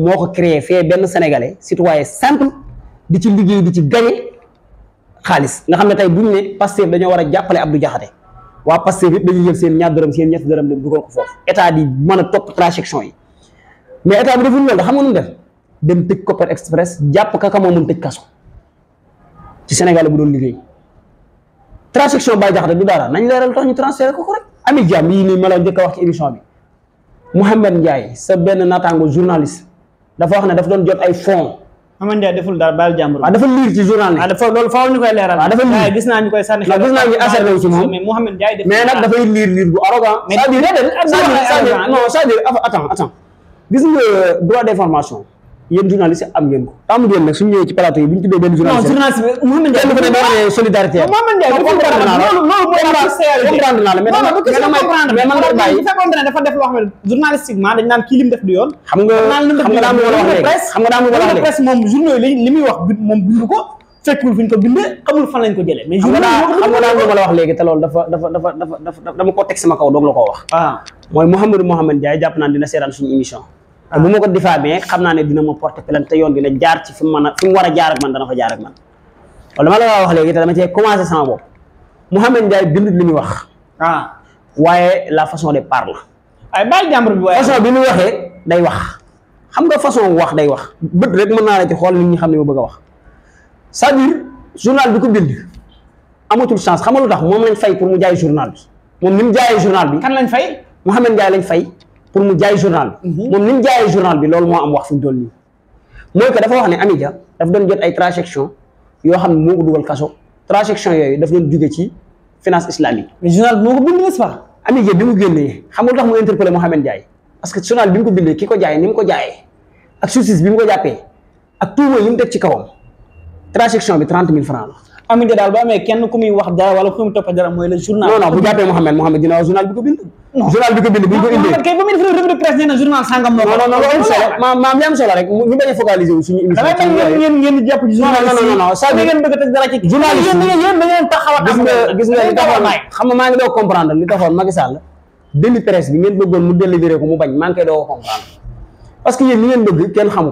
moo ko créé fee benn sénégalais citoyen simple di ci liggéey di ci gagné xaalis nga xam ne tey buñu ne Pastef dañoo war a jàppale Abdou Diakhaté waa Pastef yëpp dañuy jël seen ñaar dërëm seen ñetti dërëm dem dugal ko foofu état di mën a topp transaction yi mais état bi deful loolu da xam nga def dem tëj Copper Express jàpp ka moo mun tëj kaso ci sénégalais bu doon liggéey transaction Baye Diakhaté du dara nañ leeral tax ñu transféré ko ko rek ami jàmm yii ma a wax ci émission bi Mouhamed Ndiaye sa benn naataango journaliste dafa wax ne daf doon jot ay ma ah, Mama Ndiaye deful dara baal jàmbur. waaw ah, dafa liir ci journal bi. Ah, dafa loolu faaw ñu koy leeral. waaw dafa liir gis naa ñu koy sànni. xel naa ñu asseré wu si moom mais Mouhamed Ndiaye def mais nag dafay liir liir bu arrogant. mais c'est-à-dire non c'est-à-dire attends attends gis euh, yéen journaliste am ngeen ko am ngeen nag suñu ñëwee ci plateau yi bu ñu tuddee benn journaliste non journaliste bi Mouhamed Ndiaye dafa ne solidarité Mouhamed Ndiaye comprendre naa la loolu comprendre naa la mais mais man nga bàyyi fekkoon ne dafa def loo xam ne journalistiquement dañ naan kii lim def du yoon xam nga xam nga daa mu war a wax léegi xam nga daa mu war a wax léegi presse moom journaux yi li muy wax moom bind ko fekkul fi ñu ko bindee xamul fan lañ ko jëlee mais xam nga daa lu ma la wax léegi te loolu dafa dafa dafa dafa dama ko teg sama kaw doog la koo wax ah. mooy Mouhamadou Mouhamed Ndiaye jàpp naan dina seeraan suñu émission bu ma ko difaamee xam naa ne dina ma porter plainte te yoon na jaar ci fi mu a fi mu war a jaar ak man dana fa jaar ak man wala ma la wax léegi te dama cee commencé sama bopp Mouhamed Ndiaye bindut li muy wax ah waaye la façon de la ay bàyyi jàmbur bi waaye façon bi muy waxee day wax xam nga façon wax day wax bët rek mën naa la ci xool nit ñi xam ne ma bëgg a wax cest à journal bi ko bind amatul chance xam nga lu tax moom lañ fay pour mu jaay journal bi moom ni mu jaayee journal bi kan lañ fay Mouhamed Ndiaye fay pour mu jaay journal bi mhm. moom ni jaayee journal bi loolu moo am wax fi mu toll nii mooy que dafa wax ne Amidia daf doon jot ay transaction xam ne moo ko dugal kaso transaction yooyu daf doon jóge ci finance islamique mais journal bi moo ko bind n'est-ce pas bi mu génnee xam nga lu tax mu interpellé Mohamed Ndiaye parce que journal bi mu ko bindee ki ko jaayee ni mu ko jaayee ak justice bi mu ko jàppee ak tuuma yi mu teg ci kawam transaction bi trente mille francs la Aminata daal ba amee rek ñu bañ a suñu émission. jàpp ci journal non ngeen bëgg a teg maa ngi doon comprendre li taxoon Macky Sall demi presse bi mu délivrer mu bañ maa ngi koy comprendre parce que yéen li ngeen bëgg kenn xamu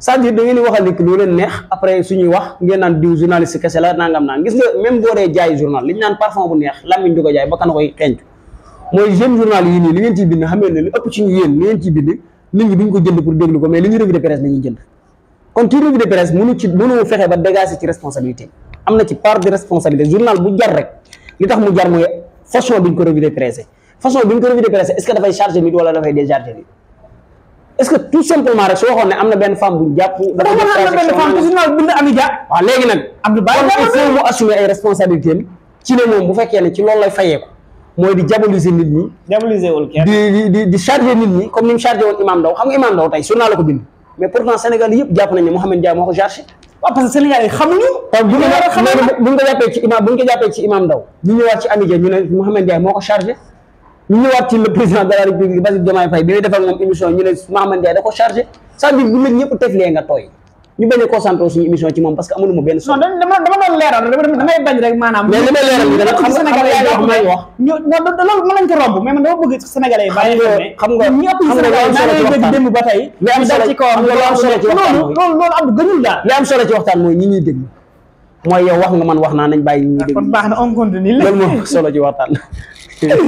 c'est-à-dire da ngeen di neex après suñuy wax ngeen naan diw journaliste kese la nangam naan gis nga même boo dee jaay journal li naan parfum bu neex làmmiñ du ñu yéen li ngeen ciy bind ko jënd pour déglu ko fexe ba dégager ci responsabilité am na ci part de responsabilité journal bu jar rek li tax mu jar mooy façon bi ñu ko revue de presse façon bi ñu ko revue de presse est dafay charger nit wala dafay décharger nit est-ce que tout simplement ne am na benn femme bu jàpp. dafa a am benn femme te journal bind Amy Dia. bu jàpp nañu ne Mouhamed bu ñu ko jàppee ci bu ñu ko jàppee ci Imam moo ko chargé ñu ñëwaat ci le président de la république Bassirou Diomaye Faye bi muy defal moom émission ñu ne Mamadou Ndiaye da ko chargé c'est-à-dire bu leen ñëpp teflee nga tooy ñu bañ a concentré suñu émission ci moom parce que amuñu ma benn solo. non dama dama doon leeral damay bañ rek maanaam. mais li may leeral dana xam sénégalais yi wax may wax. ñu loolu mën nañ ko romb mais man dama bëgg sénégalais yi bàyyi xam nga ñëpp sénégalais démb ba tey li am solo ci kawam loolu am solo ci waxtaan loolu loolu am gëñul daal li am solo ci waxtaan mooy ñi ñuy dégg mooy yow wax nga man wax naa nañ bàyyi ñi ñuy dégg ah, kon baax na on continue loolu moo solo ci waxtaan xam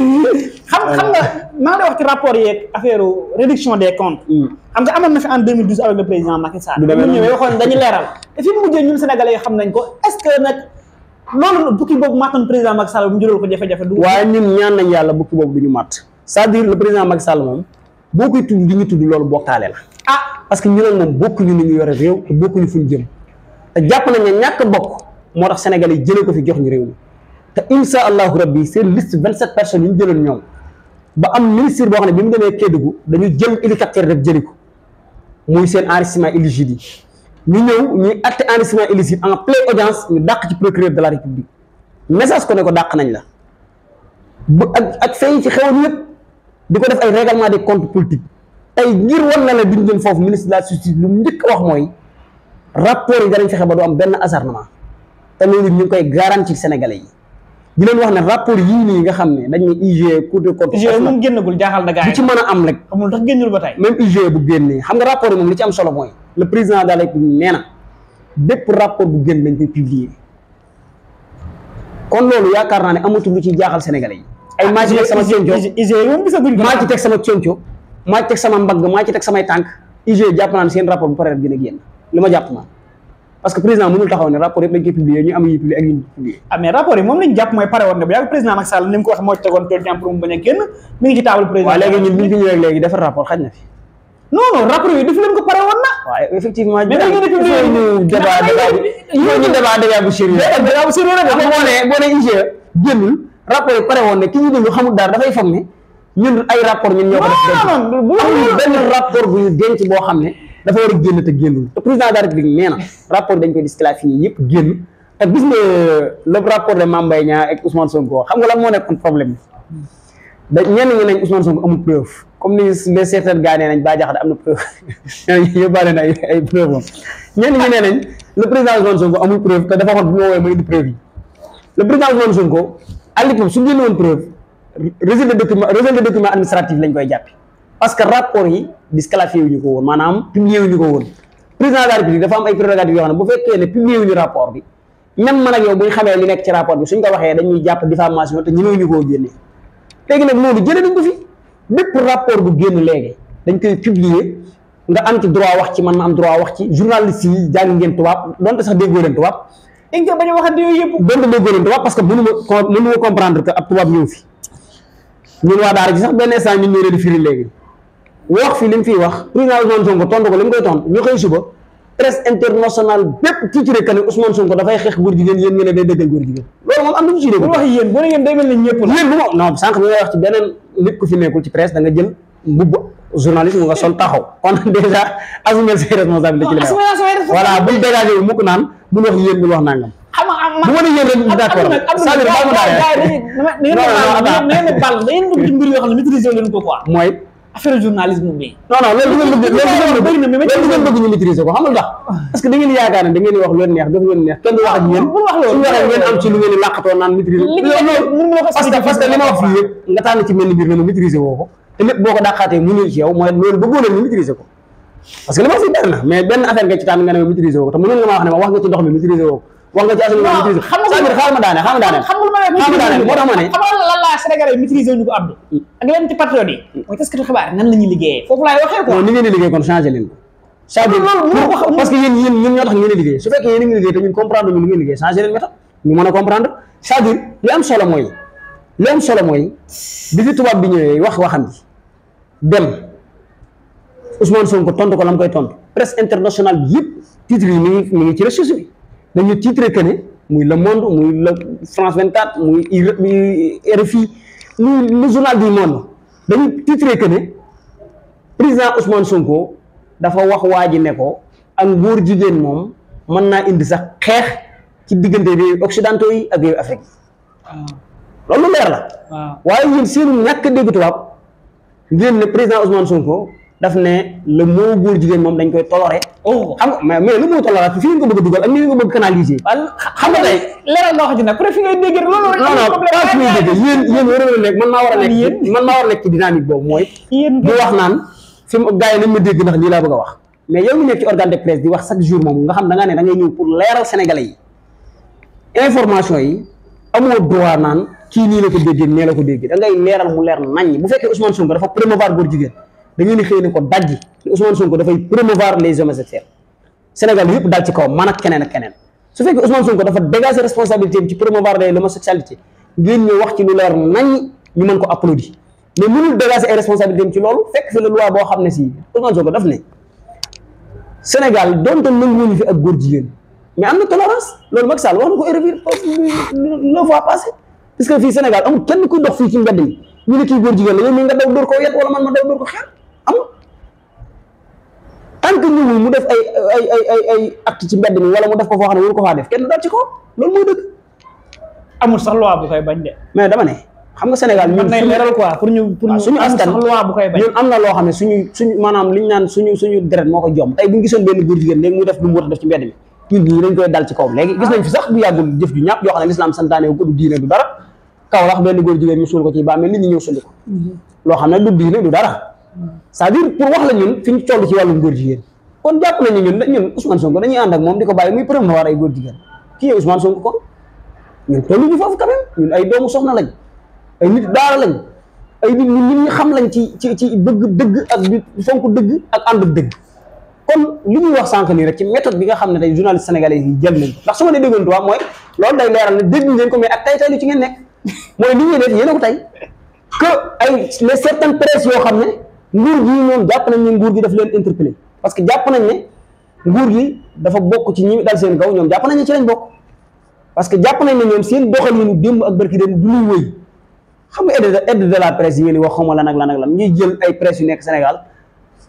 xam nga maa ngi wax ci rapport yeeg affaire réduction des comptes. Mm. xam nga amoon na fi en 2012 avec le président Macky bu demee ñëwee waxoon dañu leeral. te fi mu mujjee ñun sénégalais yi xam nañ ko est-ce que nag loolu bukki boobu mattoon président Macky Sall bu mu jural ko jafe-jafe. nañ yàlla bukki boobu du ñu matt. c'est-à-dire le moom boo koy tudd li ñu tudd loolu bokkaale la. ah parce que ñu ne moom bokkuñu ni ñu yore réew te bokkuñu fu ñu jëm te jàpp nañ ne ñàkk bokk moo tax sénégalais jëlee ko fi jox ñu réew mi te insha allahu rabbi seen liste vingt sept personnes yi ñu jëloon ñoom ba am ministre boo xam ne bi mu demee Kédougou dañu jël hélicoptère def jëli ko muy seen enrichissement illicite yi ñu ñëw ñuy atte enrichissement illicite en pleine audience ñu dàq ci procureur de la république message ko ne ko dàq nañ la bu ak ak feeñ ci xewoon yëpp di ko def ay règlement des comptes politiques tey ngir wan na la duñ jëm foofu ministre de la justice lu njëkk wax mooy rapport yi danañ fexe ba du am benn acharnement te loolu ñu ngi koy garanti Sénégalais yi di leen wax ne rapport yii nii nga xam ne dañ ne IGE Cour des comptes IGE moom ci mën a am rek amul tax génnul ba tey même IGE bu génnee xam nga rapport yi moom li ci am solo mooy le président de la République nee na bépp rapport bu génn dañ koy publier kon loolu yaakaar naa ne amatul lu ci jaaxal senegal yi ay ah, maa ci sama conco IGE moom gisaguñ maa ci teg sama conco maa ci teg mbagg maa ci teg samay tànk IGE jàpp naa ne seen rapport bu pare rek dina génn li ma jàpp naa parce que président mënul taxaw ne rapport yëpp dañ ah, rapport yi moom lañ jàpp mooy pare woon bu yàgg président Macky Sall ni mu ko waxee moo ci tegoon tool rapport xaj na fi leen ko pare woon na waaw effectivement mais dañu rapport yi pare woon ki ñu déglu xamul dara dafay foog ne ñun ay rapport ñun ñoo xam ne dafa war a génn te génnul te président de la république nee na rapport dañ koy disqualifié yëpp génn te gis nga le rapport de Mame Mbaye Niang ak Ousmane Sonko xam nga lan moo nekkoon problème bi da comme ni les na preuve yóbbaale na ay preuve am ñenn ñi nee nañ le président Ousmane Sonko amul preuve te su génne woon preuve de document administratif lañ koy jàpp parce que rapport yi disqualifié wuñu ko woon maanaam publié wuñu ko woon président dafa am ay prérogatives yoo xam ne bu fekkee ne publié wuñu rapport bi même man ak yow bu ñu xamee li nekk ci rapport bi suñ ko waxee dañuy jàpp diffamation te ñemewuñu koo génne léegi nag loolu jëlee nañ ko fi bépp rapport bu génn léegi dañ koy publier nga am ci droit wax ci man ma am droit wax ci journaliste yi jàng ngeen tubaab donte sax déggoo leen tubaab. dañ koy bañ a waxante yooyu yëpp. donte déggoo leen tubaab parce que mënu ma mënu ma fi waa daara ci sax benn instant léegi. wax fi li mu fiy wax président Ousmane Sonko tontu ko li mu koy tontu ñu xëy suba presse internationale bépp tiitre que ne Ousmane Sonko dafay xeex góor jigéen ngeen ne day dëggal góor jigéen loolu bu ma non sànq ñu ngay wax ci beneen nit ku fi nekkul ci presse da jël mbubb journaliste nga sol taxaw kon dèjà assumer say responsabilité ci li may wax voilà bu mukk naan bu wax yéen bu wax nangam. bu ma nee yéen rek d'accord c'est-à-dire baax mu daal. non non affaire journalisme bi. non loolu du ngeen bëgg loolu du ko xam ah. parce que da ngeen yaakaar ne da ngeen di wax lu leen neex def lu leen neex kenn du wax ak yéen su waxee ngeen lu ma wax fii yëpp nga tànn ci mel ni biir ma maîtriser woo ko te li ma fii benn na benn affaire nga ci tànn nga ne ma woo ko te mënoon nga ma wax ne ma wax nga ci ndox mi maîtriser woo ko wax nga ci non xam nga lu ma daane xam nga lu ma daane moo tax ma ne. xam nga lan laa Sénégal yi maîtriser ñu ko Abdou. ak leen ci patriote yi. Mm. mooy taskatu xibaar nan la ñuy liggéeyee. foofu laay waxee quoi non ni ngeen di liggéey kon changé leen ko. changé leen parce que yéen yéen ñun ñoo tax ngeen di liggéey su fekkee yéen a ngi liggéey te ñun comprendre ñu ngeen liggéey changé leen méthode ñu mën a comprendre c'est-à-dire li am solo mooy li am solo mooy bi fi tubaab bi ñëwee wax waxam bi dem Ousmane Sonko tontu ko la mu koy tontu presse internationale bi yëpp titre yi mi ngi mi ngi ci ressource bi dañu titre que ne muy le monde muy le France 24 muy RFI muy le journal du monde dañu titre que ne président Ousmane Sonko dafa wax waa ji ne ko ak góor jigéen moom mën naa indi sax xeex ci diggante réew occidentaux yi ak réew Afrique ah. loolu leer la ah. waaye yéen seenu ñàkk dégg tubaab ngeen ne président Ousmane Sonko daf ne le mot góor jigéen moom dañ koy toloré. oh xam mais lu mu toloré fii a dugal ak nii nga ko bëgg canaliser. xam nga tey leeral nga wax ci nag ku ne fi ngay dégg loolu fi ngay wax naan fi mu gars yi ma dégg ndax lii laa bëgg a wax. mais yow ñu nekk ci organe de presse di wax chaque jour moom nga xam da ngaa ne da ngay ñëw pour leeral sénégalais yi information yi amoo droit naan kii nii la ko déggee nee la ko déggee da leeral mu leer nañ bu fekkee Ousmane Sonko dafa promouvoir góor jigéen da ngeen di xëy ni ko dajji Ousmane Sonko dafay promouvoir les homosexuels Sénégal yëpp dal ci kaw man ak keneen ak keneen su fekkee Ousmane Sonko dafa dégager responsabilité am ci promouvoir l'homosexualité ngeen ñu wax ci lu leer nañ ñu mën ko applaudir mais mënul dégager ay responsabilité ci loolu fekk fi la loi boo xam ne si Ousmane Sonko daf ne Sénégal donte nanguwuñu fi ak góor jigéen mais am na tolérance loolu Macky Sall wax que fii Sénégal amul kenn kuy dox fii ci amul tant que ñëwul mu def ay ay ay ay ci mbedd mi wala mu def ko foo xam ne waru ko faa def kenn daal ci ko loolu mooy dëgg. amul sax loi bu koy bañ de. mais dama xam nga Sénégal ñun suñu leeral ñu am na loo xam ne suñu suñu maanaam liñ naan suñu suñu deret moo ko jom tey bu gisoon benn góor jigéen léegi mu def lu mu war def ci mbedd mi ñun ñii dañ koy dal ci kawam léegi gis nañ fi sax bu yàggul jëf ju ñàpp yoo xam ne lislaam santaane wu ko du diine du dara kaw wax benn ko ci bàmmeel nit ñi mm-hmm. loo xam ne du diine du dara c'est-à-dire pour wax la ñun ñu toll ci wàllum góor jigéen kon jàpp nañu ñun ñun Ousmane Sonko dañuy ànd ak moom di ko bàyyi muy promouvoir ay góor jigéen kii yee Ousmane Sonko kon ñun tolluñu foofu quand ñun ay doomu soxna lañ ay nit daara lañ ay nit ñun ñi xam lañ ci ci ci bëgg dëgg ak di fonk dëgg ak ànd dëgg kon lu ñuy wax sànq nii rek ci méthode bi nga xam ne tey journaliste sénégalais yi jël nañ ndax su ma ne déggoon tubaab mooy loolu day leeral ne dégg ngeen ko mais ak tay tay lu ci ngeen nekk mooy li ñuy def yéen a ko tey que xam ne nguur gi moom jàpp nañ ne nguur gi daf leen interpellé parce que jàpp nañ ne nguur gi dafa bokk ci ñi dal seen kaw ñoom jàpp nañ ne ci lañ bokk parce que jàpp nañ ne ñoom seen doxalinu démb ak barki démb du ñuy wëy xam nga aide aide de la presse yi ngeen di wax xawma lan ak lan ak lan ñuy jël ay presse yu nekk Sénégal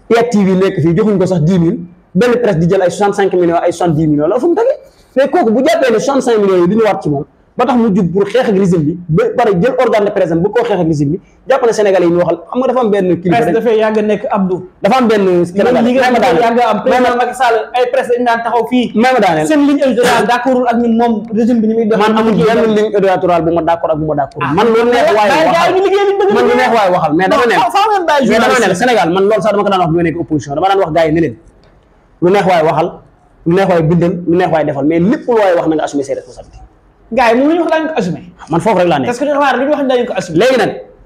IATV nekk fii joxuñ ko sax 10 000 benn presse di jël ay 65 millions ay 70 millions la fu mu tagee mais kooku bu ci moom ba tax mu jug pour xeex ak bi ba pare jël organe de presse bu koo xeex ak régime bi jàppale sénégalais yi ñu waxal taxaw fii may ma daaneel seen ligne éditoriale d'accordul ak ñun moom régime man amul benn ligne éditoriale bu ma d'accord ak bu ma d'accord ah. man dama ko daan wax bi nekk opposition dama daan wax gars yi ne leen neex waaye waxal lu neex waaye bindal lu neex waaye defal mais lépp lu waaye wax na nga assumer ses responsabilités gars yi moom lu ñu wax daañu ko assumé man foofu rek laa nekk parce que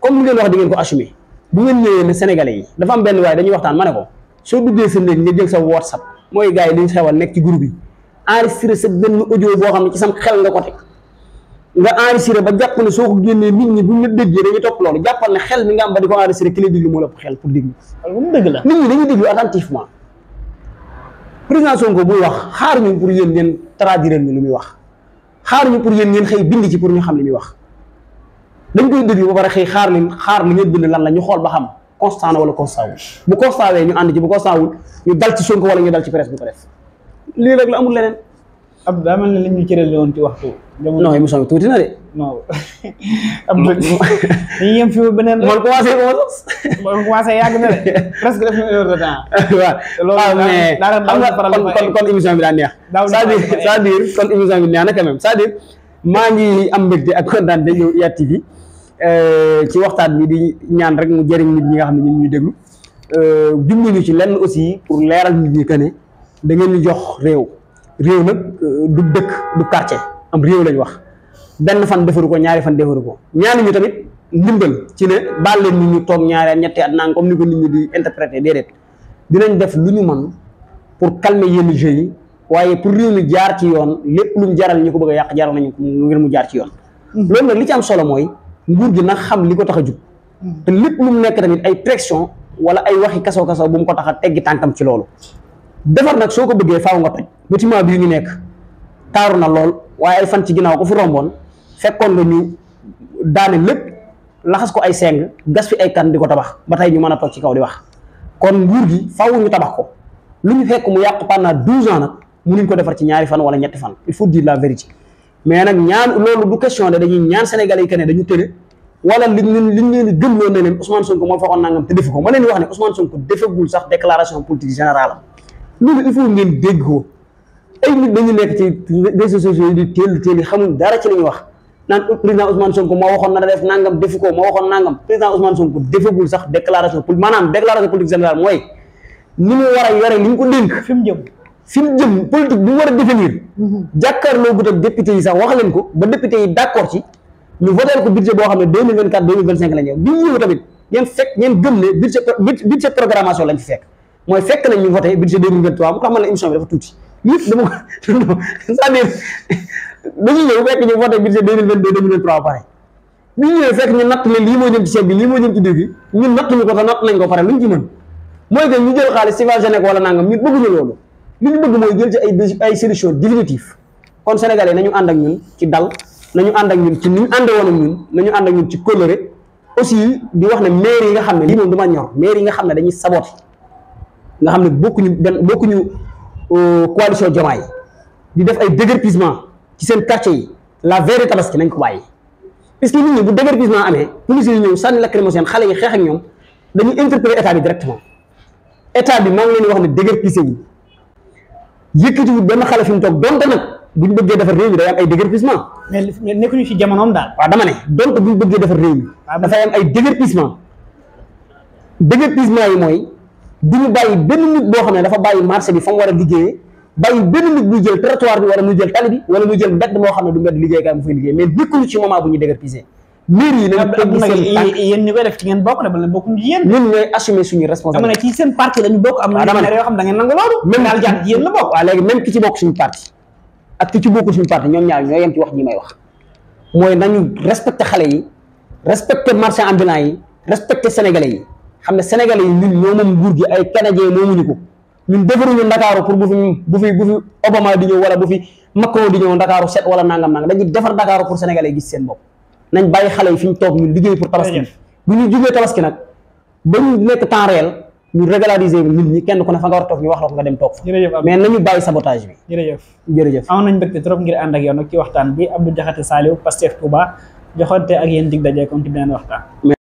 comme lu ngeen wax di ko assumé bu ngeen ñëwee ne sénégalais yi dafa am benn waaye dañuy waxtaan ma ne ko soo duggee sa néeg nga jël sa whatsapp mooy gars yi li ñu xewal nekk ci groupe yi enregistré sa benn audio boo xam ne xel nga ko teg nga enregistré ba jàpp ne soo ko génnee nit ñi bu ñu la déggee dañuy topp loolu jàppal ne xel mi nga am ba di ko enregistré ki lay déglu moo la xel pour déglu dëgg la nit muy wax xaaruñu pour yéen ngeen xëy bind ci pour ñu xam li muy wax dañ koy déglu ba pare xëy xaar li xaar li ngeen bind lan la ñu xool ba xam constat na wala constat wul bu constat wee ñu ànd ci bu constat wul ñu dal ci Sonko wala ñu dal ci presse bu ko def lii rek la amul leneen ab daa mel woon ci waxtu. non émission bi tuuti na de. non ab dañuy yem fi ba beneen rek. moom commencé moom commencé yàgg na de kon kon émission bi daa neex. daaw c'est-à-dire cest kon émission bi neex na quand même c'est-à-dire maa ngi am mbégte ak kontaan te ñëw Iyat TV euh, ci waxtaan bi di ñaan rek mu jëriñ nit ñi nga xam ne ñun ñuy déglu. Euh, dimbali ñu ci lenn aussi pour leeral nit ñi que ne da ngeen di jox réew. réew nag euh, du dëkk du quartier am réew lañ wax benn fan defaru ko ñaari fan defaru ko ñaani ñu tamit ndimbal ci ne baal leen nit ñu toog ñaari at ñetti at naan comme ni ko nit ñi di interpréter déedéet dinañ def lu ñu mën pour calmer yenn jeu yi waaye pour réew mi jaar ci yoon lépp lu mu jaral ñu ko bëgg yàq jaral nañu ngir mu jaar ci yoon mm-hmm. loolu nag li ci am solo mooy nguur gi na xam li ko tax a jug mm-hmm. te lépp lu mu nekk tamit ay pression wala ay waxi kasaw kasaw bu mu ko tax a teggi ci loolu defar nag soo ko bëggee faaw nga bâtiment bii ñu nekk taaru na lool waaye ay fan ci ginnaaw ko fi romboon fekkoon la ñu daane lépp laxas ko ay seng gas fi ay kan di ko tabax ba tey ñu mën a toog ci kaw di wax kon nguur gi faaw ñu tabax ko lu ñu fekk mu yàq pendant douze ans nag mënuñ ko defar ci ñaari fan wala ñetti fan il faut dire la vérité mais nag ñaan loolu du question de dañuy ñaan Sénégalais yi que ne dañu tële wala li leen liñ leen di gëm ne leen Ousmane Sonko moo faxoon nangam te defu ko ma leen wax ne Ousmane Sonko defagul sax déclaration politique générale am loolu il faut ngeen dégg ko ay nit dañu nekk ci réseaux sociaux yi di teel teel yi xamuñ dara ci li wax naan président Ousmane Sonko moo waxoon na def nangam def ko moo waxoon nangam président Ousmane Sonko defagul sax déclaration pour maanaam déclaration politique générale mooy ni mu a yore li ñu ko dénk. fi mu jëm fi mu jëm politique bi a définir. Mm-hmm. jàkkaarloo gut yi sax wax leen ko ba député yi d' accord ci ñu voté ko budget boo xam ne deux mille vingt quatre deux mille vingt cinq la bi ñu ñëw tamit ngeen fekk ngeen gëm ne budget budget programmation lañ fi yëpp dama ko non cest dañuy ñëw fekk ñu natt ne lii moo dem ci ceeb bi lii moo jëm ci diw bi ñun nattuñu ko te natt nañ ko pare lu ñu ci mën mooy que ñu jël xaalis subventionné ko wala nangam ñun bëgguñu loolu li ñu bëgg mooy jël ci ay ay solution définitive kon sénégalais nañu ànd ak ñun ci dal nañu ànd ak ñun ci ni ñu ànd woon ak ñun nañu ànd ak ñun ci coloré aussi di wax ne maire nga xam ne lii moom dama ñor maire yi nga xam ne dañuy saboté nga xam ne bokkuñu benn bokkuñu coalition Diomaye di def ay déguerpissement ci seen quartier yi la veille tabaski nañ ko bàyyi puisque nit ñi bu déguerpissement amee police yi ñëw sànni lacrymogène xale yi xeex ak ñoom dañuy interpeller état bi directement état bi maa ngi leen di wax ne déguerpissé yi yëkkatiwul benn xale fi mu toog donte nag bu ñu bëggee defar réew mi day am ay déguerpissement. mais nekkuñu ci jamonoom daal. waaw dama ne donte bu ñu bëggee defar réew mi. dafay am ay déguerpissement yi mooy. du ñu bàyyi benn nit boo xam ne dafa bàyyi marché bi fa war a liggéeyee bàyyi benn nit buy jël trottoir bi wala muy jël tali bi wala muy jël mbedd moo xam ne du mbedd liggéeykaay mu fay liggéey mais nekkuñu ci moment bu ñu déguerpissé mbir yi nañ tëgg seen suñu responsabilité dama ne ci seen parti lañu bokk am na ah, yoo xam da ngeen nangu loolu même la bokk waaw léegi même ki ci bokk suñu parti ak ki ci bokkul suñu parti ñoom ñaar ñoo yem ci wax ñi may wax mooy nañu respecté xale yi respecté marchand yi xam ne sénégalais yi ñun ñoo moom nguur gi ay canadiens moomuñu ko ñun defaruñu ndakaaru pour bu fi bu fi Obama di ñëw wala bu fi Macron di ñëw ndakaaru set wala nangam nangam dañuy defar ndakaaru pour sénégalais gis seen bopp nañ bàyyi xale yi fi ñu toog ñun liggéey pour tabaski nag ba ñu nekk temps a toog ñu wax la ko nga bi jërëjëf jërëjëf amoon nañ mbégte trop ngir ànd ak yow nag ci waxtaan bi Abdou Diakhaté Saliou Pastef Touba joxante ak yéen dig dajee comme ci beneen waxtaan